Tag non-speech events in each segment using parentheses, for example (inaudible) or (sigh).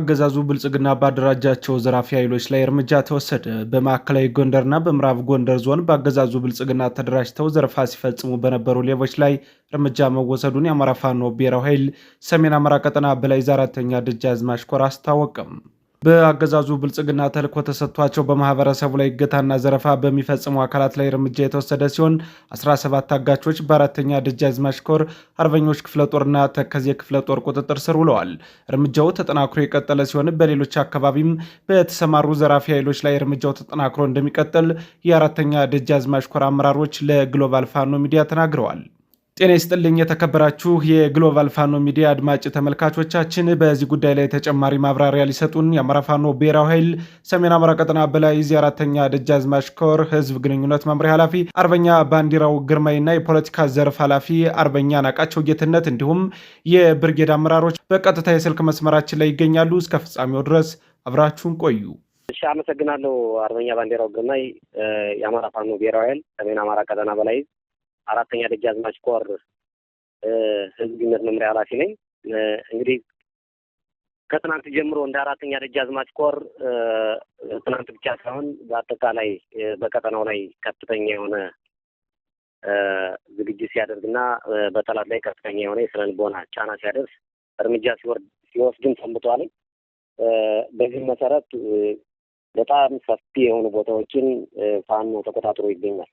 አገዛዙ ብልጽግና ባደራጃቸው ዘራፊ ኃይሎች ላይ እርምጃ ተወሰደ። በማዕከላዊ ጎንደርና በምዕራብ ጎንደር ዞን በአገዛዙ ብልጽግና ተደራጅተው ዘረፋ ሲፈጽሙ በነበሩ ሌቦች ላይ እርምጃ መወሰዱን የአማራ ፋኖ ብሔራዊ ኃይል ሰሜን አማራ ቀጠና በላይ ዛ አራተኛ ደጃዝማች ኮር አስታወቀም። በአገዛዙ ብልጽግና ተልኮ ተሰጥቷቸው በማህበረሰቡ ላይ እገታና ዘረፋ በሚፈጽሙ አካላት ላይ እርምጃ የተወሰደ ሲሆን 17 አጋቾች በአራተኛ ደጃዝማች ኮር አርበኞች ክፍለ ጦርና ተከዜ ክፍለ ጦር ቁጥጥር ስር ውለዋል። እርምጃው ተጠናክሮ የቀጠለ ሲሆን በሌሎች አካባቢም በተሰማሩ ዘራፊ ኃይሎች ላይ እርምጃው ተጠናክሮ እንደሚቀጥል የአራተኛ ደጃዝማች ኮር አመራሮች ለግሎባል ፋኖ ሚዲያ ተናግረዋል። ጤና ይስጥልኝ የተከበራችሁ የግሎባል ፋኖ ሚዲያ አድማጭ ተመልካቾቻችን፣ በዚህ ጉዳይ ላይ ተጨማሪ ማብራሪያ ሊሰጡን የአማራ ፋኖ ብሔራዊ ኃይል ሰሜን አማራ ቀጠና በላይ እዝ አራተኛ ደጃዝማች ኮር ህዝብ ግንኙነት መምሪያ ኃላፊ አርበኛ ባንዲራው ግርማይና የፖለቲካ ዘርፍ ኃላፊ አርበኛ ናቃቸው ጌትነት እንዲሁም የብርጌድ አመራሮች በቀጥታ የስልክ መስመራችን ላይ ይገኛሉ። እስከ ፍጻሜው ድረስ አብራችሁን ቆዩ። እሺ፣ አመሰግናለሁ አርበኛ ባንዲራው ግርማይ፣ የአማራ ፋኖ ብሔራዊ ኃይል ሰሜን አማራ ቀጠና በላይ አራተኛ ደጃዝማች ኮር ህዝብ ግንኙነት መምሪያ ኃላፊ ነኝ። እንግዲህ ከትናንት ጀምሮ እንደ አራተኛ ደጃዝማች ኮር ትናንት ብቻ ሳይሆን በአጠቃላይ በቀጠናው ላይ ከፍተኛ የሆነ ዝግጅት ሲያደርግና በጠላት ላይ ከፍተኛ የሆነ የስነ ልቦና ጫና ሲያደርስ እርምጃ ሲወርድ ሲወስድም ሰንብተዋል። በዚህ መሰረት በጣም ሰፊ የሆኑ ቦታዎችን ፋኖ ተቆጣጥሮ ይገኛል።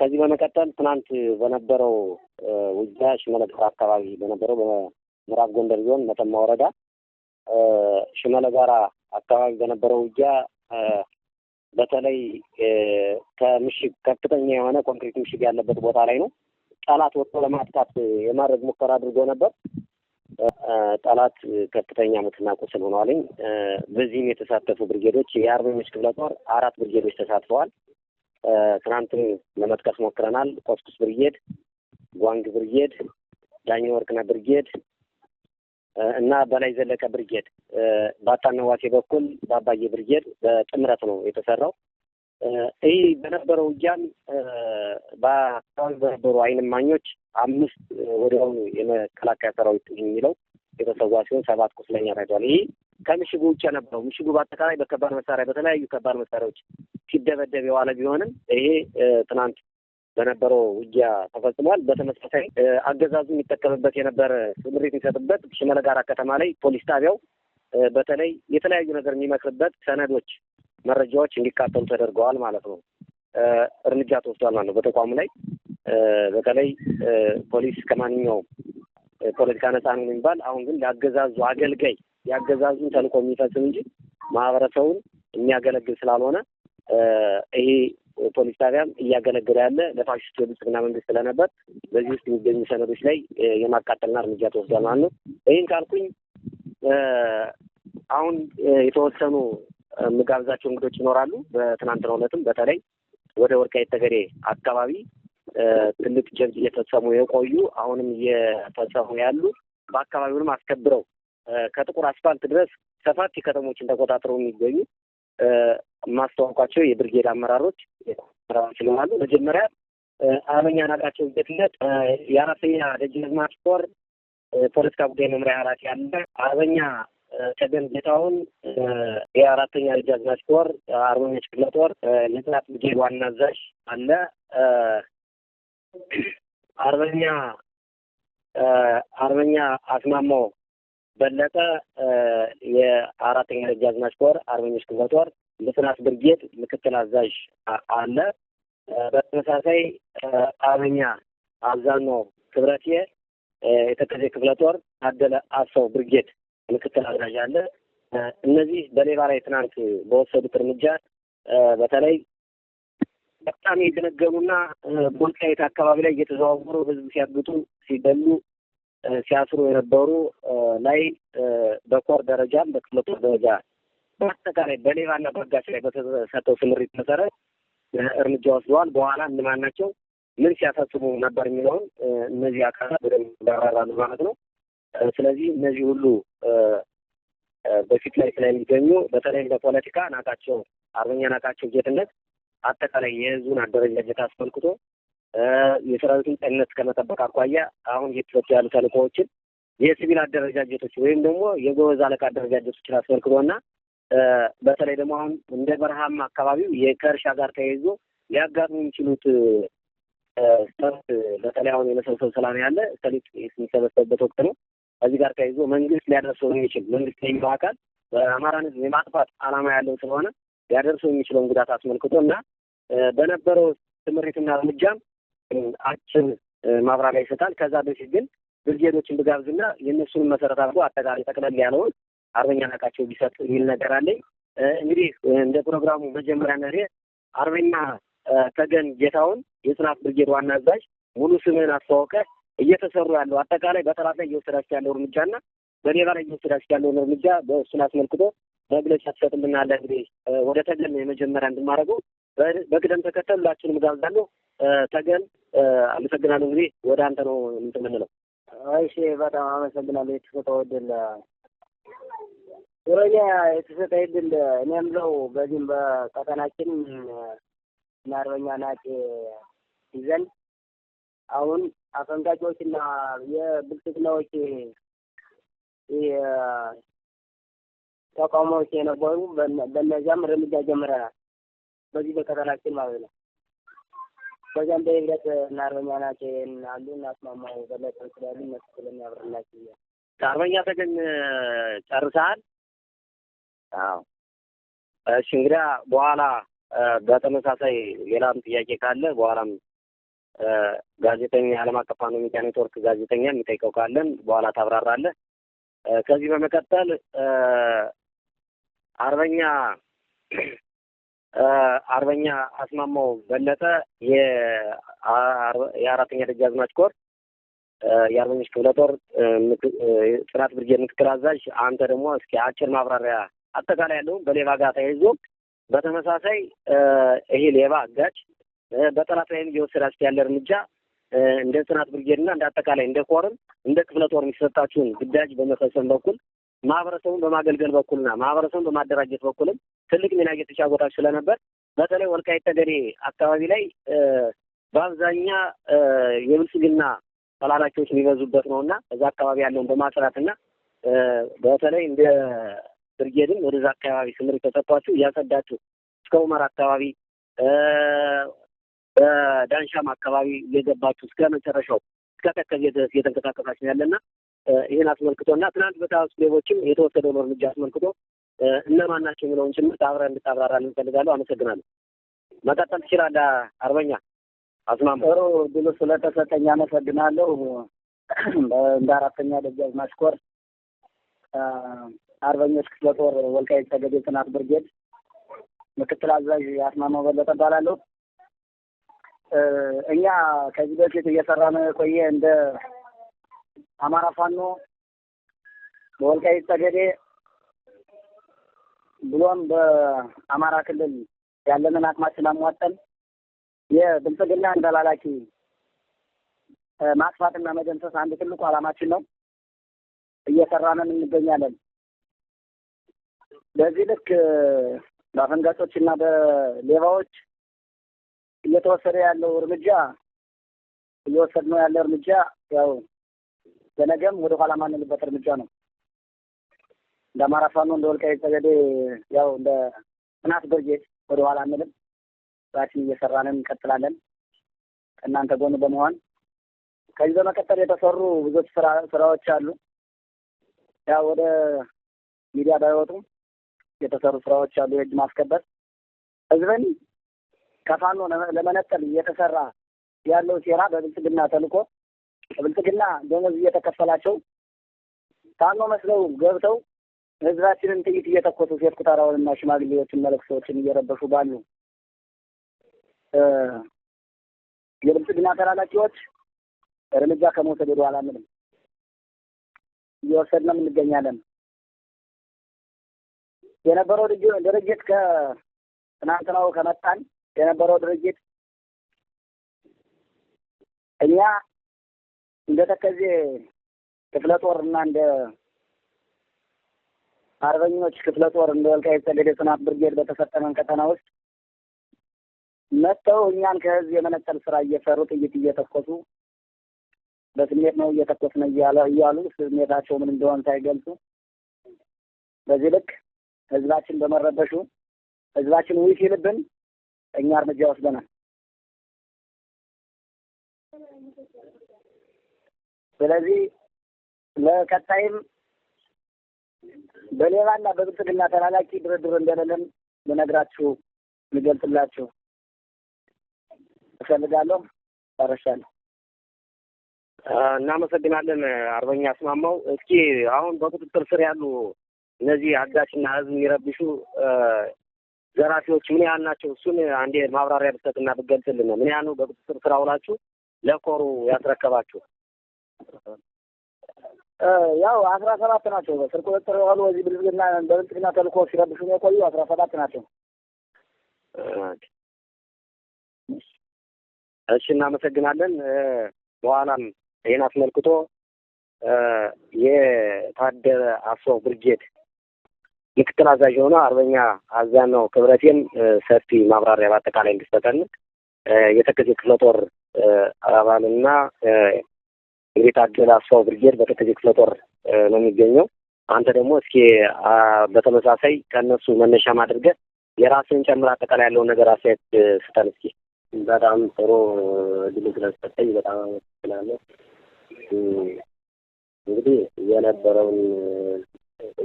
ከዚህ በመቀጠል ትናንት በነበረው ውጊያ ሽመለጋ አካባቢ በነበረው በምዕራብ ጎንደር ዞን መተማ ወረዳ ሽመለጋራ አካባቢ በነበረው ውጊያ በተለይ ከምሽግ ከፍተኛ የሆነ ኮንክሪት ምሽግ ያለበት ቦታ ላይ ነው ጠላት ወጥቶ ለማጥቃት የማድረግ ሙከራ አድርጎ ነበር። ጠላት ከፍተኛ ምትና ቁስል ሆኗልኝ። በዚህም የተሳተፉ ብርጌዶች የአርበኞች ክፍለ ጦር አራት ብርጌዶች ተሳትፈዋል። ትናንትም ለመጥቀስ ሞክረናል። ቆስቁስ ብርጌድ፣ ጓንግ ብርጌድ፣ ዳኝ ወርቅነ ብርጌድ እና በላይ ዘለቀ ብርጌድ በአታነዋሴ በኩል በአባዬ ብርጌድ በጥምረት ነው የተሰራው። ይህ በነበረው ውጊያም በአካባቢ በነበሩ አይንማኞች አምስት ወዲያውኑ የመከላከያ ሰራዊት የሚለው የተሰዋ ሲሆን ሰባት ቁስለኛ ታይቷል። ይህ ከምሽጉ ውጭ የነበረው ምሽጉ በአጠቃላይ በከባድ መሳሪያ በተለያዩ ከባድ መሳሪያዎች ሲደበደብ የዋለ ቢሆንም ይሄ ትናንት በነበረው ውጊያ ተፈጽሟል። በተመሳሳይ አገዛዙ የሚጠቀምበት የነበረ ስምሪት የሚሰጥበት ሽመለ ጋራ ከተማ ላይ ፖሊስ ጣቢያው በተለይ የተለያዩ ነገር የሚመክርበት ሰነዶች፣ መረጃዎች እንዲካተሉ ተደርገዋል ማለት ነው። እርምጃ ተወስዷል ማለት ነው። በተቋሙ ላይ በተለይ ፖሊስ ከማንኛውም ፖለቲካ ነፃ ነው የሚባል አሁን ግን ለአገዛዙ አገልጋይ የአገዛዙን ተልእኮ የሚፈጽም እንጂ ማህበረሰቡን የሚያገለግል ስላልሆነ ይሄ ፖሊስ ጣቢያም እያገለገለ ያለ ለፋሽስት የብልጽግና መንግስት ስለነበር በዚህ ውስጥ የሚገኙ ሰነዶች ላይ የማቃጠልና እርምጃ ተወስዷል ማለት ነው። ይህን ካልኩኝ አሁን የተወሰኑ ምጋብዛቸው እንግዶች ይኖራሉ። በትናንትናው ዕለትም በተለይ ወደ ወልቃይት ጠገዴ አካባቢ ትልቅ ጀብድ እየፈጸሙ የቆዩ አሁንም እየፈጸሙ ያሉ በአካባቢውንም አስከብረው ከጥቁር አስፋልት ድረስ ሰፋፊ ከተሞችን ተቆጣጥረው የሚገኙ ማስተዋወቋቸው የብርጌድ አመራሮች አመራሮች ይሆናሉ። መጀመሪያ አርበኛ ናቃቸው ጌትነት የአራተኛ ደጃዝማች ጦር ፖለቲካ ጉዳይ መምሪያ ኃላፊ አለ። አርበኛ ተገን ጌታሁን የአራተኛ ደጃዝማች ጦር አርበኞች ክፍለ ጦር ነጻነት ብርጌድ ዋና አዛዥ አለ። አርበኛ አርበኛ አስማማው በለጠ የአራተኛ አዝማች ኮር አርበኞች ክፍለ ጦር ልስላስ ብርጌድ ምክትል አዛዥ አለ። በተመሳሳይ አርበኛ አብዛኖ ክብረቴ የተከዜ ክፍለ ጦር ታደለ አሰው ብርጌድ ምክትል አዛዥ አለ። እነዚህ በሌባ ላይ ትናንት በወሰዱት እርምጃ በተለይ በጣም የደነገሩና ቦልቃየት አካባቢ ላይ እየተዘዋወሩ ህዝብ ሲያግጡ፣ ሲደሉ ሲያስሩ የነበሩ ላይ በኮር ደረጃም በክፍለ ጦር ደረጃ በአጠቃላይ በሌባና በጋሽ ላይ በተሰጠው ስምሪት መሰረት እርምጃ ወስደዋል። በኋላ እነማን ናቸው ምን ሲያሳስቡ ነበር የሚለውን እነዚህ አካላት በደንብ ያብራራሉ ማለት ነው። ስለዚህ እነዚህ ሁሉ በፊት ላይ ስለሚገኙ በተለይም በፖለቲካ ናቃቸው አርበኛ ናቃቸው ጌትነት አጠቃላይ የህዝቡን አደረጃጀት አስመልክቶ የሰራዊቱን ጤንነት ከመጠበቅ አኳያ አሁን እየተሰጡ ያሉ ተልእኮዎችን የሲቪል አደረጃጀቶች ወይም ደግሞ የጎበዝ አለቃ አደረጃጀቶችን አስመልክቶ እና በተለይ ደግሞ አሁን እንደ በረሃማ አካባቢው ከእርሻ ጋር ተያይዞ ሊያጋጥሙ የሚችሉት ስተርት በተለይ አሁን የመሰብሰብ ሰላም ያለ ሰሊጥ የሚሰበሰብበት ወቅት ነው። ከዚህ ጋር ተያይዞ መንግስት ሊያደርሰው የሚችል መንግስት የሚለው አካል በአማራን ህዝብ የማጥፋት አላማ ያለው ስለሆነ ሊያደርሱ የሚችለውን ጉዳት አስመልክቶ እና በነበረው ትምህርትና እርምጃም አጭር ማብራሪያ ይሰጣል። ከዛ በፊት ግን ብርጌዶችን ብጋብዝና የእነሱን መሰረት አድርጎ አጠቃላይ ጠቅለል ያለውን አርበኛ ናቃቸው ቢሰጥ የሚል ነገር አለኝ። እንግዲህ እንደ ፕሮግራሙ መጀመሪያ መሪ አርበኛ ተገን ጌታውን የጽናት ብርጌድ ዋና አዛዥ ሙሉ ስምህን አስተዋወቀ እየተሰሩ ያለው አጠቃላይ በጠላት ላይ እየወሰዳችሁ ያለው እርምጃ እና በሌባ ላይ እየወሰዳችሁ ያለውን እርምጃ በእሱን አስመልክቶ መግለጫ ትሰጥልናለ። እንግዲህ ወደ ተገን ነው የመጀመሪያ እንድማደርገው በቅደም ተከተል ሁላችሁንም ጋብዛለሁ። ተገን አመሰግናለሁ። እንግዲህ ወደ አንተ ነው የምትምንለው። የምንለው። እሺ፣ በጣም አመሰግናለሁ። የተሰጠው እድል ሮኛ የተሰጠ እድል እኔ የምለው በዚህም በቀጠናችን እና አርበኛ ናጭ ይዘን አሁን አፈንጋጮች አፈንጋጮችና የብልጽግናዎች ተቃውሞዎች የነበሩ በእነዚያም እርምጃ ጀምረናል። በዚህ በቀጠናችን ማለት ነው። በዚያም በህብረት እና አርበኛ ናቸው አሉ እና አስማማ በለጠ ስላሉ እነሱ ስለሚያብርላቸው እያ አርበኛ ተገኝ ጨርሰሃል? አዎ። እሺ እንግዲያ በኋላ በተመሳሳይ ሌላም ጥያቄ ካለ በኋላም ጋዜጠኛ ዓለም አቀፍ ፋኖ ሚዲያ ኔትወርክ ጋዜጠኛ የሚጠይቀው ካለን በኋላ ታብራራለህ። ከዚህ በመቀጠል አርበኛ (clears throat) አርበኛ አስማማው በለጠ የአራተኛ ደጃዝማች ኮር የአርበኞች ክፍለ ጦር ጽናት ብርጌድ ምክትል አዛዥ፣ አንተ ደግሞ እስኪ አጭር ማብራሪያ አጠቃላይ ያለውን በሌባ ጋር ተያይዞ በተመሳሳይ ይሄ ሌባ አጋጭ በጠላት ላይም እስኪ ያለ እርምጃ እንደ ጽናት ብርጌድና እንደ አጠቃላይ እንደ ኮርም እንደ ክፍለ ጦር የሚሰጣችሁን ግዳጅ በመፈጸም በኩል ማህበረሰቡን በማገልገል በኩልና ማህበረሰቡን በማደራጀት በኩልም ትልቅ ሚና እየተጫወታችሁ ስለነበር በተለይ ወልቃይት ጠገዴ አካባቢ ላይ በአብዛኛ የብልጽግና ተላላኪዎች የሚበዙበት ነው እና እዛ አካባቢ ያለውን በማጽናትና በተለይ እንደ ብርጌድም ወደዛ አካባቢ ስምሪት ተሰጥቷችሁ እያጸዳችሁ እስከ ሁመር አካባቢ በዳንሻም አካባቢ እየገባችሁ እስከ መጨረሻው እስከ ተከዜ ድረስ እየተንቀሳቀሳችሁ ያለና ይህን አስመልክቶ እና ትናንት በታስ ሌቦችም የተወሰደውን እርምጃ አስመልክቶ እነማን ናቸው የሚለውን ጭምር አብረን እንድታብራራልን እንፈልጋለሁ። አመሰግናለሁ። መቀጠል ትችላለህ አርበኛ አስማማ። ጥሩ ድሉ ስለተሰጠኝ አመሰግናለሁ። እንደ አራተኛ ደጃዝማች ኮር አርበኞች ክፍለ ጦር ወልቃይት ጠገዴ ጽናት ብርጌድ ምክትል አዛዥ አስማማ በለጠ እባላለሁ። እኛ ከዚህ በፊት እየሰራን ቆየ እንደ አማራ ፋኖ በወልቃይት ጠገዴ ብሎም በአማራ ክልል ያለንን አቅማችን አሟጠን የብልጽግና እንደላላኪ ማጥፋትና መደምሰስ አንድ ትልቁ ዓላማችን ነው። እየሰራንን እንገኛለን። በዚህ ልክ በአፈንጋጮች እና በሌባዎች እየተወሰደ ያለው እርምጃ እየወሰድ ነው ያለ እርምጃ ያው በነገም ወደ ኋላ ማንልበት እርምጃ ነው። እንደ አማራ ፋኖ እንደ ወልቃይት ጠገዴ ያው እንደ ጥናት ብርጌድ ወደ ኋላ አንልም። ስራችን እየሰራንን እንቀጥላለን ከእናንተ ጎን በመሆን ከዚህ በመቀጠል የተሰሩ ብዙዎች ስራዎች አሉ። ያው ወደ ሚዲያ ባይወጡ የተሰሩ ስራዎች አሉ። የእጅ ማስከበር ህዝብን ከፋኖ ለመነጠል እየተሰራ ያለው ሴራ በብልጽግና ተልኮ ብልጽግና ደሞዝ እየተከፈላቸው ታኖ መስለው ገብተው ህዝባችንን ጥይት እየተኮሱ ሴት ቁጠራውንና ሽማግሌዎችን መለክሶዎችን እየረበሹ ባሉ የብልጽግና ተላላኪዎች እርምጃ ከመውሰድ ወደኋላ አንልም። እየወሰድንም እንገኛለን። የነበረው ድርጅት ከትናንትናው ከመጣን የነበረው ድርጅት እኛ እንደ ተከዜ ክፍለ እና እንደ አርበኞች ክፍለ ጦር እንደ ወልቃይት ጠገዴ ሰናፍ ብርጌድ በተሰጠመን ቀጠና ውስጥ መጥተው እኛን ከህዝብ የመነጠል ስራ እየሰሩ ጥይት እየተኮሱ በስሜት ነው ነው እያለ እያሉ ስሜታቸው ምን እንደሆነ ሳይገልጹ በዚህ ልክ ህዝባችን በመረበሹ ህዝባችን ውይ ሲልብን እኛ እርምጃ ወስደናል። ስለዚህ ለቀጣይም በሌባና በብልጽግና ተላላኪ ድርድር እንደሌለን ልነግራችሁ ልገልጽላችሁ እፈልጋለሁ። ጨርሻለሁ። እናመሰግናለን አርበኛ አስማማው። እስኪ አሁን በቁጥጥር ስር ያሉ እነዚህ አጋችና ህዝብ የሚረብሹ ዘራፊዎች ምን ያህል ናቸው? እሱን አንዴ ማብራሪያ ብትሰጥና ብትገልጽልን። ምን ያህል ነው በቁጥጥር ስር አውላችሁ ለኮሩ ያስረከባችሁ? ያው አስራ ሰባት ናቸው። በስር ቁጥጥር የዋሉ በዚህ ብልጽግና በብልጽግና ተልኮ ሲረብሹ የቆዩ አስራ ሰባት ናቸው። እሺ፣ እናመሰግናለን። በኋላም ይህን አስመልክቶ የታደረ አሶ ብርጌድ ምክትል አዛዥ የሆነ አርበኛ አዛነው ክብረቴም ሰፊ ማብራሪያ በአጠቃላይ እንዲሰጠን የተከዜ ክፍለ ጦር አባልና የታገለ አስፋው ብርጌድ በተከዜ ክፍለ ጦር ነው የሚገኘው። አንተ ደግሞ እስኪ በተመሳሳይ ከእነሱ መነሻም አድርገህ የራስን ጨምር አጠቃላይ ያለውን ነገር አስተያየት ስጠን እስኪ። በጣም ጥሩ እድል ስለተሰጠኝ በጣም አመሰግናለሁ። እንግዲህ የነበረውን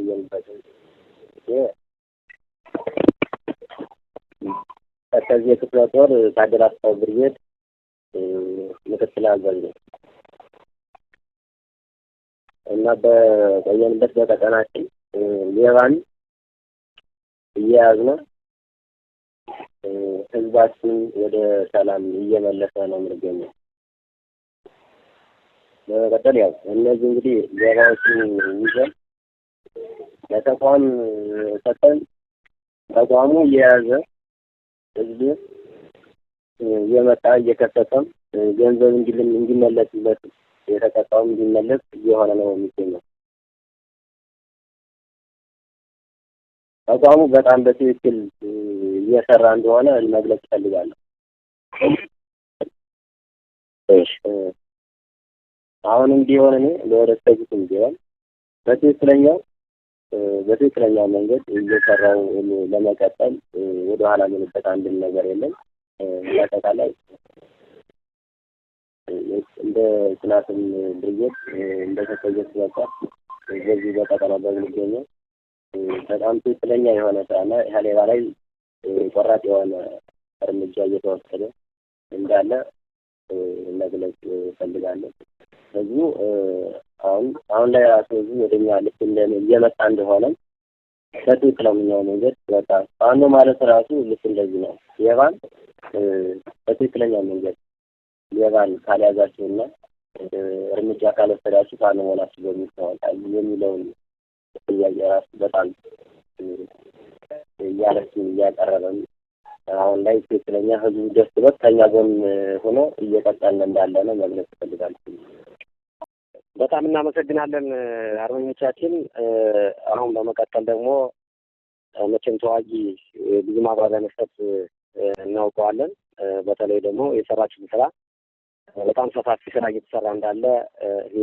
የምበትን ከዚህ ክፍለ ጦር ታደለ ብርጌድ ምክትል አዛዥ ነው። እና በቆየንበት በቀጠናችን ሌባን እየያዝነ ህዝባችን ወደ ሰላም እየመለሰ ነው የምንገኘው። በመቀጠል ያው እነዚህ እንግዲህ ሌባዎችን ይዘን ለተቋም ሰጠን፣ ተቋሙ እየያዘ ህዝብ እየመጣ እየከሰተም ገንዘብ እንዲልም እንዲመለስበት የተቀጣው እንዲመለስ እየሆነ ነው የሚገኘው። ተቋሙ በጣም በትክክል እየሰራ እንደሆነ መግለጽ እፈልጋለሁ። አሁንም ቢሆን እኔ ለወደፊቱም ቢሆን በትክክለኛው በትክክለኛው መንገድ እየሰራው ለመቀጠል ወደኋላ ምንበት አንድም ነገር የለም። በአጠቃላይ እንደ ጽናትም ድርጅት እንደ እንደተቀየስ በቃ በዚህ በቀጠና በሚገኘው በጣም ትክክለኛ የሆነ ስራና ኢህሌባ ላይ ቆራጥ የሆነ እርምጃ እየተወሰደ እንዳለ መግለጽ እፈልጋለሁ። ህዝቡ አሁን አሁን ላይ ራሱ ህዝቡ ወደኛ ልክ እየመጣ እንደሆነ በትክክለኛው መንገድ በቃ ፋኖ ማለት ራሱ ልክ እንደዚህ ነው። የባን በትክክለኛው መንገድ ሌባን ካልያዛችሁና እርምጃ ካልወሰዳችሁ ካለመሆናችሁ በሚል ታወጣል የሚለውን ጥያቄ ራሱ በጣም እያነሱን እያቀረበም አሁን ላይ ትክክለኛ ህዝቡ ደስ በት ከኛ ጎን ሆኖ እየቀጠለ እንዳለ ነው መግለጽ ይፈልጋል። በጣም እናመሰግናለን አርበኞቻችን። አሁን በመቀጠል ደግሞ መቼም ተዋጊ ብዙ ማብራሪያ መስጠት እናውቀዋለን። በተለይ ደግሞ የሰራችሁን ስራ በጣም ሰፋፊ ስራ እየተሰራ እንዳለ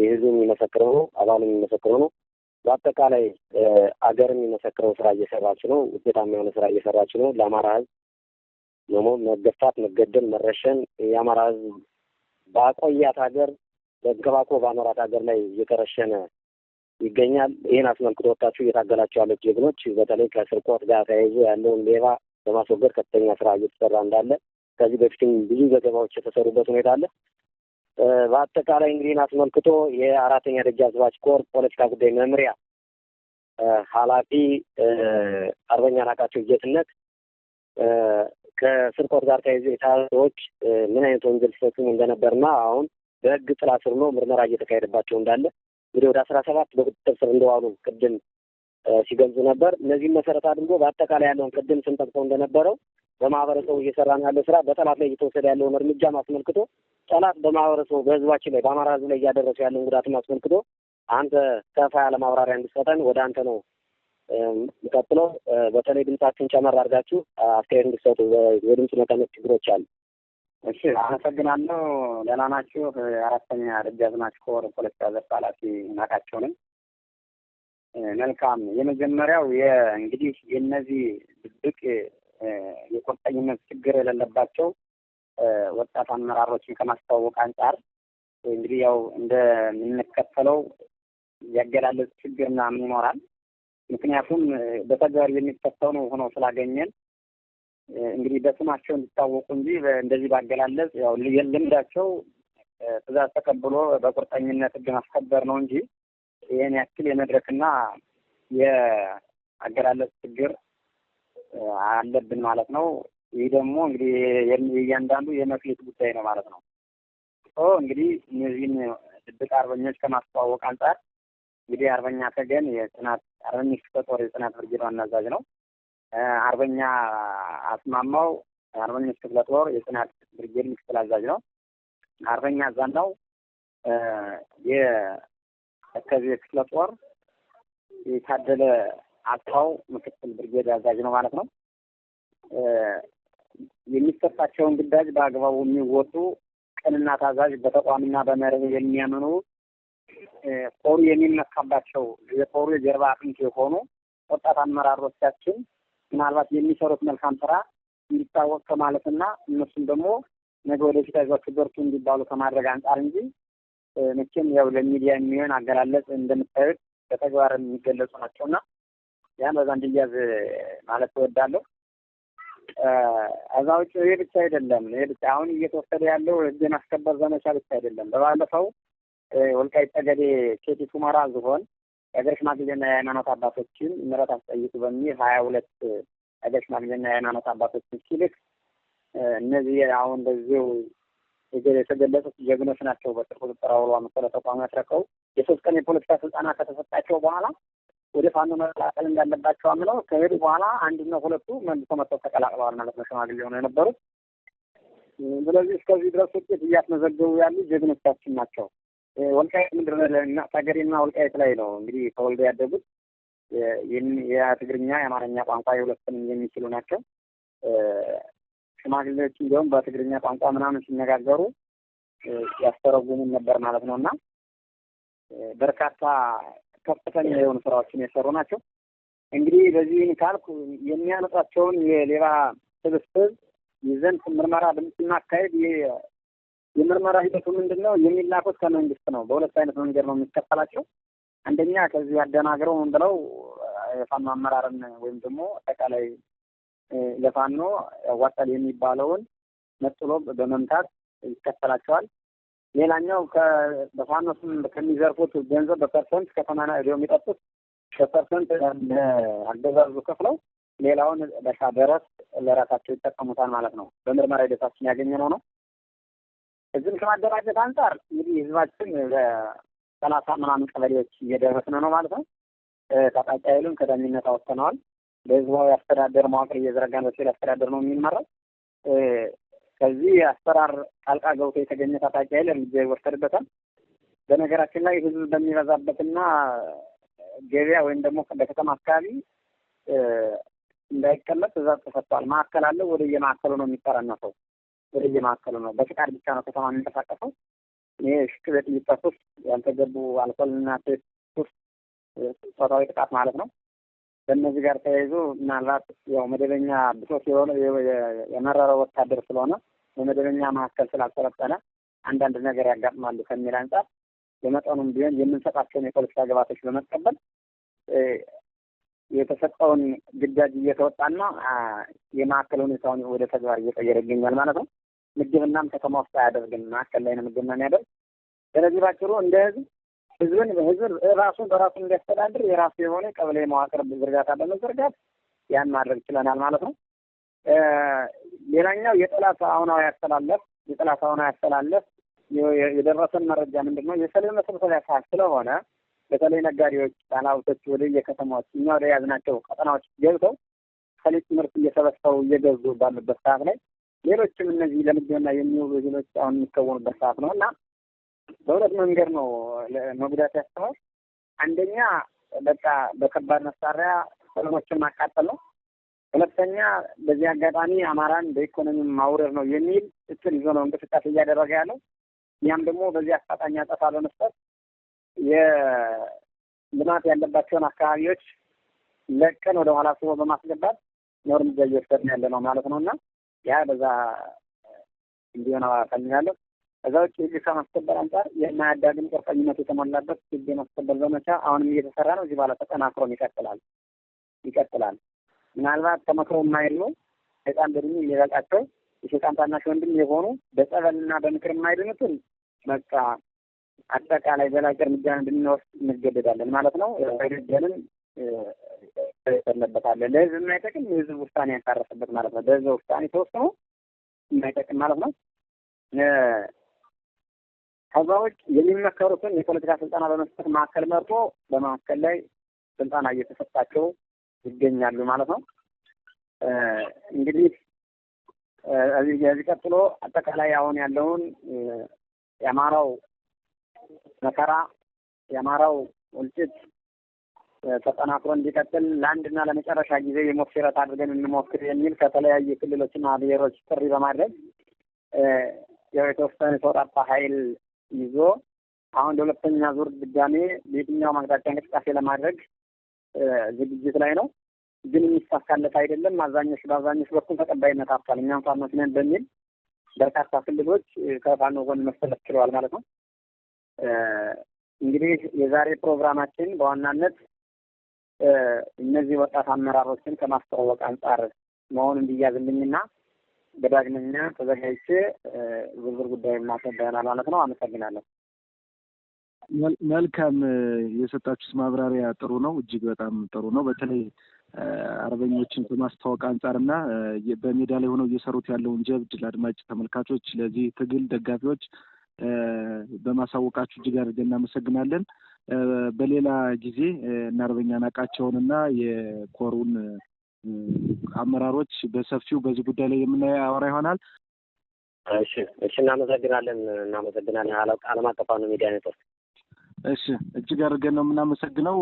የህዝብ የሚመሰክረው ነው፣ አባል የሚመሰክረው ነው። በአጠቃላይ አገር የሚመሰክረው ስራ እየሰራች ነው። ውጤታማ የሆነ ስራ እየሰራች ነው። ለአማራ ህዝብ ደግሞ መገፋት፣ መገደል፣ መረሸን የአማራ ህዝብ በአቆያት ሀገር በእንከባኮ በአኖራት ሀገር ላይ እየተረሸነ ይገኛል። ይህን አስመልክቶ ወታችሁ እየታገላቸው ያሉት ጀግኖች በተለይ ከስርቆት ጋር ተያይዞ ያለውን ሌባ በማስወገድ ከፍተኛ ስራ እየተሰራ እንዳለ ከዚህ በፊትም ብዙ ዘገባዎች የተሰሩበት ሁኔታ አለ። በአጠቃላይ እንግዲህን አስመልክቶ የአራተኛ ደጃዝማች ኮር ፖለቲካ ጉዳይ መምሪያ ኃላፊ አርበኛ ናቃቸው ጌትነት ከስርቆት ጋር ተያይዞ የታሰሩ ምን አይነት ወንጀል ሲፈጽሙ እንደነበርና አሁን በህግ ጥላ ስር ነው ምርመራ እየተካሄደባቸው እንዳለ እንግዲህ ወደ አስራ ሰባት በቁጥጥር ስር እንደዋሉ ቅድም ሲገልጹ ነበር። እነዚህም መሰረት አድርጎ በአጠቃላይ ያለውን ቅድም ስንጠቅሰው እንደነበረው በማህበረሰቡ እየሰራ ነው ያለው ስራ በጠላት ላይ እየተወሰደ ያለውን እርምጃም አስመልክቶ ጠላት በማህበረሰቡ በህዝባችን ላይ በአማራ ህዝብ ላይ እያደረሱ ያለውን ጉዳትም አስመልክቶ አንተ ሰፋ ያለ ማብራሪያ እንድትሰጠን ወደ አንተ ነው ቀጥሎ በተለይ ድምጻችን ጨመር አድርጋችሁ አስተያየት እንድትሰጡ የድምፅ መቀነት ችግሮች አሉ። እሺ፣ አመሰግናለሁ። ደህና ናችሁ? አራተኛ ደጃዝማች ኮር ፖለቲካ ዘርፍ ኃላፊ ናቃቸው ነኝ። መልካም። የመጀመሪያው እንግዲህ የነዚህ ድብቅ የቁርጠኝነት ችግር የሌለባቸው ወጣት አመራሮችን ከማስተዋወቅ አንጻር እንግዲህ ያው እንደምንከተለው ያገላለጽ ችግር ምናምን ይኖራል። ምክንያቱም በተግባር ነው ሆኖ ስላገኘን እንግዲህ በስማቸው እንዲታወቁ እንጂ እንደዚህ ባገላለጽ ያው ልምዳቸው ትእዛዝ ተቀብሎ በቁርጠኝነት ህግ ማስከበር ነው እንጂ ይህን ያክል የመድረክና የአገላለጽ ችግር አለብን ማለት ነው። ይህ ደግሞ እንግዲህ እያንዳንዱ የመክሊት ጉዳይ ነው ማለት ነው። እንግዲህ እነዚህን ድብቅ አርበኞች ከማስተዋወቅ አንጻር እንግዲህ አርበኛ ተገን የጽናት አርበኛ ክፍለጦር የጽናት ብርጌድ ዋና አዛዥ ነው። አርበኛ አስማማው አርበኛ ክፍለጦር የጽናት ብርጌድ ምክትል አዛዥ ነው። አርበኛ ዛናው ክፍለ ጦር የታደለ አጥተው ምክትል ብርጌድ አዛዥ ነው ማለት ነው። የሚሰጣቸውን ግዳጅ በአግባቡ የሚወጡ ቅንና ታዛዥ፣ በተቋምና በመርህ የሚያምኑ ጦሩ የሚመካባቸው የጦሩ የጀርባ አጥንት የሆኑ ወጣት አመራሮቻችን ምናልባት የሚሰሩት መልካም ስራ እንዲታወቅ ከማለትና እነሱም ደግሞ ነገ ወደፊት አይዟችሁ በርቱ እንዲባሉ ከማድረግ አንጻር እንጂ መቼም ያው ለሚዲያ የሚሆን አገላለጽ እንደምታዩት በተግባር የሚገለጹ ናቸውና ያን በዛ እንዲያዝ ማለት እወዳለሁ። አዛዎች ይሄ ብቻ አይደለም። ይሄ ብቻ አሁን እየተወሰደ ያለው ህግ የማስከበር ዘመቻ ብቻ አይደለም። በባለፈው ወልቃይት ጠገዴ ኬቲት ሁመራ ዝሆን የሀገር ሽማግሌና የሃይማኖት አባቶችን ምረት አስጠይቁ በሚል ሀያ ሁለት የሀገር ሽማግሌና የሃይማኖት አባቶችን ሲልክ እነዚህ አሁን በዚው የተገለጹት ጀግኖች ናቸው በስር ቁጥጥር አውሏ መሰለ ተቋሙ ያስረከቡ የሶስት ቀን የፖለቲካ ስልጠና ከተሰጣቸው በኋላ ወደ ፋኖ መቀላቀል እንዳለባቸው አምለው ከሄዱ በኋላ አንድና ሁለቱ መልሶ መጥተው ተቀላቅለዋል ማለት ነው። ሽማግሌ ሆነው የነበሩት ስለዚህ እስከዚህ ድረስ ውጤት እያስመዘገቡ ያሉ ጀግኖቻችን ናቸው። ወልቃየት ምድር ጠገዴና ወልቃየት ላይ ነው እንግዲህ ተወልደው ያደጉት። የትግርኛ የአማርኛ ቋንቋ የሁለቱንም የሚችሉ ናቸው። ሽማግሌዎች እንዲሁም በትግርኛ ቋንቋ ምናምን ሲነጋገሩ ያስተረጉሙን ነበር ማለት ነው እና በርካታ ከፍተኛ የሆኑ ስራዎችን የሰሩ ናቸው። እንግዲህ በዚህን ካልኩ የሚያመጣቸውን የሌባ ስብስብ ይዘን ምርመራ ብንስናካሄድ የምርመራ ሂደቱ ምንድን ነው? የሚላኩት ከመንግስት ነው። በሁለት አይነት መንገድ ነው የሚከፈላቸው። አንደኛ ከዚህ ያደናግረው ምን ብለው የፋኖ አመራርን ወይም ደግሞ አጠቃላይ ለፋኖ ያዋጣል የሚባለውን መጥሎ በመምታት ይከፈላቸዋል። ሌላኛው በፋኖ ስም ከሚዘርፉት ገንዘብ በፐርሰንት ከተማና ዲ የሚጠጡት በፐርሰንት አገዛዙ ከፍለው ሌላውን በቃ ደረስ ለራሳቸው ይጠቀሙታል ማለት ነው። በምርመራ ሂደታችን ያገኘ ነው። ነው እዚህም ከማደራጀት አንጻር እንግዲህ ህዝባችን በሰላሳ ምናምን ቀበሌዎች እየደረስን ነው ማለት ነው። ታጣቂ ኃይሉን ከዳኝነት አወጥተነዋል። በህዝባዊ አስተዳደር መዋቅር ነው ሲል አስተዳደር ነው የሚመራው። ከዚህ አሰራር ጣልቃ ገብቶ የተገኘ ታጣቂ ኃይል እርምጃ ይወሰድበታል። በነገራችን ላይ ህዝብ በሚበዛበትና ገበያ ወይም ደግሞ በከተማ አካባቢ እንዳይቀመጥ ትእዛዝ ተሰጥቷል። ማዕከል አለው። ወደ የማዕከሉ ነው የሚጠረነፈው። ወደ የማዕከሉ ነው። በፍቃድ ብቻ ነው ከተማ የሚንቀሳቀሰው። ይሄ ሽክ ቤት ያልተገቡ አልኮልና ሱስ ጾታዊ ጥቃት ማለት ነው ከእነዚህ ጋር ተያይዞ ምናልባት ያው መደበኛ ብሶት የሆነ የመረረው ወታደር ስለሆነ በመደበኛ መካከል ስላልሰለጠነ አንዳንድ ነገር ያጋጥማሉ ከሚል አንጻር በመጠኑም ቢሆን የምንሰጣቸውን የፖለቲካ ግባቶች በመቀበል የተሰጠውን ግዳጅ እየተወጣና የማዕከል ሁኔታውን ወደ ተግባር እየቀየረ ይገኛል ማለት ነው። ምግብናም ከተማ ውስጥ አያደርግም፣ ማዕከል ላይ ነው ምድብና የሚያደርግ። ስለዚህ ባጭሩ እንደ ህዝብ ህዝብን በህዝብ ራሱን በራሱ እንዲያስተዳድር የራሱ የሆነ ቀበሌ መዋቅር ዝርጋታ በመዘርጋት ያን ማድረግ ችለናል ማለት ነው። ሌላኛው የጠላት አሁናዊ ያስተላለፍ የጠላት አሁናዊ ያስተላለፍ የደረሰን መረጃ ምንድን ነው? የሰብል መሰብሰቢያ ሰዓት ስለሆነ በተለይ ነጋዴዎች፣ ባለሀብቶች ወደ የከተማዎች እኛ ወደ ያዝናቸው ቀጠናዎች ገብተው ሰሊጥ ምርት እየሰበሰቡ እየገዙ ባሉበት ሰዓት ላይ ሌሎችም እነዚህ ለምግብና የሚውሉ እህሎች አሁን የሚከወኑበት ሰዓት ነው እና በሁለት መንገድ ነው መጉዳት ያስተዋል። አንደኛ በቃ በከባድ መሳሪያ ሰለሞችን ማቃጠል ነው። ሁለተኛ በዚህ አጋጣሚ አማራን በኢኮኖሚ ማውረር ነው የሚል እቅድ ይዞ ነው እንቅስቃሴ እያደረገ ያለው። ያም ደግሞ በዚህ አፋጣኝ አጸፋ በመስጠት የልማት ያለባቸውን አካባቢዎች ለቀን ወደ ኋላ ስቦ በማስገባት ነው እርምጃ እየወሰድን ያለ ነው ማለት ነው እና ያ በዛ እንዲሆነ ፈልጋለሁ። ከዛ ውጭ ህግ ከማስከበር አንጻር የማያዳግም ቁርጠኝነት የተሞላበት ህግ የማስከበር ዘመቻ አሁንም እየተሰራ ነው። እዚህ በኋላ ተጠናክሮም ይቀጥላል ይቀጥላል። ምናልባት ተመክሮ የማይሉ ሸጣን በድ የሚበቃቸው የሸጣን ታናሽ ወንድም የሆኑ በጸበልና በምክር የማይድኑትን በቃ አጠቃላይ ዘላቂ እርምጃ እንድንወስድ እንገደዳለን ማለት ነው። ደንን ይፈለበታለን ለህዝብ የማይጠቅም የህዝብ ውሳኔ ያሳረፈበት ማለት ነው። በህዝብ ውሳኔ ተወስኖ የማይጠቅም ማለት ነው። ከዛዎች የሚመከሩትን የፖለቲካ ስልጠና በመስጠት መካከል መርጦ በመካከል ላይ ስልጠና እየተሰጣቸው ይገኛሉ ማለት ነው። እንግዲህ እዚህ ቀጥሎ አጠቃላይ አሁን ያለውን የአማራው መከራ የአማራው ውልጭት ተጠናክሮ እንዲቀጥል ለአንድና ለመጨረሻ ጊዜ የሞት ሽረት አድርገን እንሞክር የሚል ከተለያዩ ክልሎችና ብሔሮች ጥሪ በማድረግ የተወሰነ የተወጣጣ ኃይል ይዞ አሁን ለሁለተኛ ዙር ድጋሜ በየትኛውም አቅጣጫ እንቅስቃሴ ለማድረግ ዝግጅት ላይ ነው። ግን የሚሳካለት አይደለም። አብዛኞች በአብዛኞች በኩል ተቀባይነት አጥቷል። እኛም ፋኖች ነን በሚል በርካታ ክልሎች ከፋኖ ጎን መሰለፍ ችለዋል ማለት ነው። እንግዲህ የዛሬ ፕሮግራማችን በዋናነት እነዚህ ወጣት አመራሮችን ከማስተዋወቅ አንጻር መሆኑን እንዲያዝልኝና በዳግመኛ ተዘጋጅቼ ዝርዝር ጉዳይ ማስረዳ ማለት ነው። አመሰግናለሁ። መልካም የሰጣችሁት ማብራሪያ ጥሩ ነው፣ እጅግ በጣም ጥሩ ነው። በተለይ አርበኞችን ከማስተዋወቅ አንጻርና በሜዳ ላይ ሆነው እየሰሩት ያለውን ጀብድ ለአድማጭ ተመልካቾች፣ ለዚህ ትግል ደጋፊዎች በማሳወቃችሁ እጅግ አድርገን እናመሰግናለን። በሌላ ጊዜ እና አርበኛ ናቃቸውንና የኮሩን አመራሮች በሰፊው በዚህ ጉዳይ ላይ የምናወራ ይሆናል። እሺ፣ እሺ፣ እናመሰግናለን፣ እናመሰግናለን። አለም አቀፍ ነው ሚዲያ ኔትወርክ። እሺ፣ እጅግ አድርገን ነው የምናመሰግነው።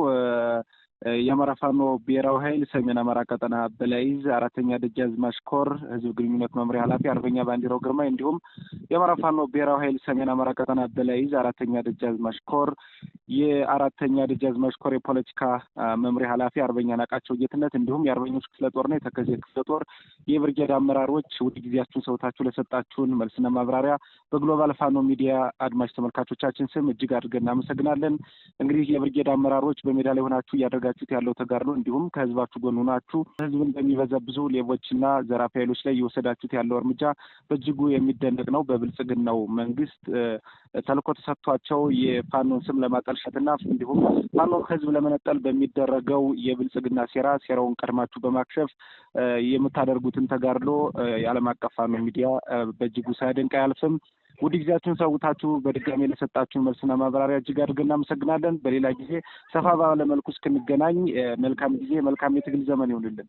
የአማራ ፋኖ ብሔራዊ ኃይል ሰሜን አማራ ቀጠና በላይዝ አራተኛ ደጃዝማች ኮር ህዝብ ግንኙነት መምሪያ ኃላፊ አርበኛ ባንዲራው ግርማ እንዲሁም የአማራ ፋኖ ብሔራዊ ኃይል ሰሜን አማራ ቀጠና በላይዝ አራተኛ ደጃዝማች ኮር የአራተኛ ደጃዝማች ኮር የፖለቲካ መምሪያ ኃላፊ አርበኛ ናቃቸው ጌትነት እንዲሁም የአርበኞች ክፍለ ጦርና የተከዜ ክፍለ ጦር የብርጌድ አመራሮች ውድ ጊዜያችሁን ሰውታችሁ ለሰጣችሁን መልስና ማብራሪያ በግሎባል ፋኖ ሚዲያ አድማጭ ተመልካቾቻችን ስም እጅግ አድርገን እናመሰግናለን። እንግዲህ የብርጌድ አመራሮች በሜዳ ላይ ሆናችሁ እያደረጋ እያደረጋችሁት ያለው ተጋድሎ እንዲሁም ከህዝባችሁ ጎን ሆናችሁ ህዝብን በሚበዘብዙ ሌቦችና ዘራፊ ኃይሎች ላይ እየወሰዳችሁት ያለው እርምጃ በእጅጉ የሚደነቅ ነው። በብልጽግናው መንግስት ተልእኮ ተሰጥቷቸው የፋኖን ስም ለማጠልሸትና እንዲሁም ፋኖን ከህዝብ ለመነጠል በሚደረገው የብልጽግና ሴራ ሴራውን ቀድማችሁ በማክሸፍ የምታደርጉትን ተጋድሎ የዓለም አቀፍ ፋኖ ሚዲያ በእጅጉ ሳያደንቅ አያልፍም። ውድ ጊዜያችሁን ሰውታችሁ በድጋሚ ለሰጣችሁን መልስና ማብራሪያ እጅግ አድርገን እናመሰግናለን። በሌላ ጊዜ ሰፋ ባለ መልኩ እስክንገናኝ መልካም ጊዜ፣ መልካም የትግል ዘመን ይሆንልን።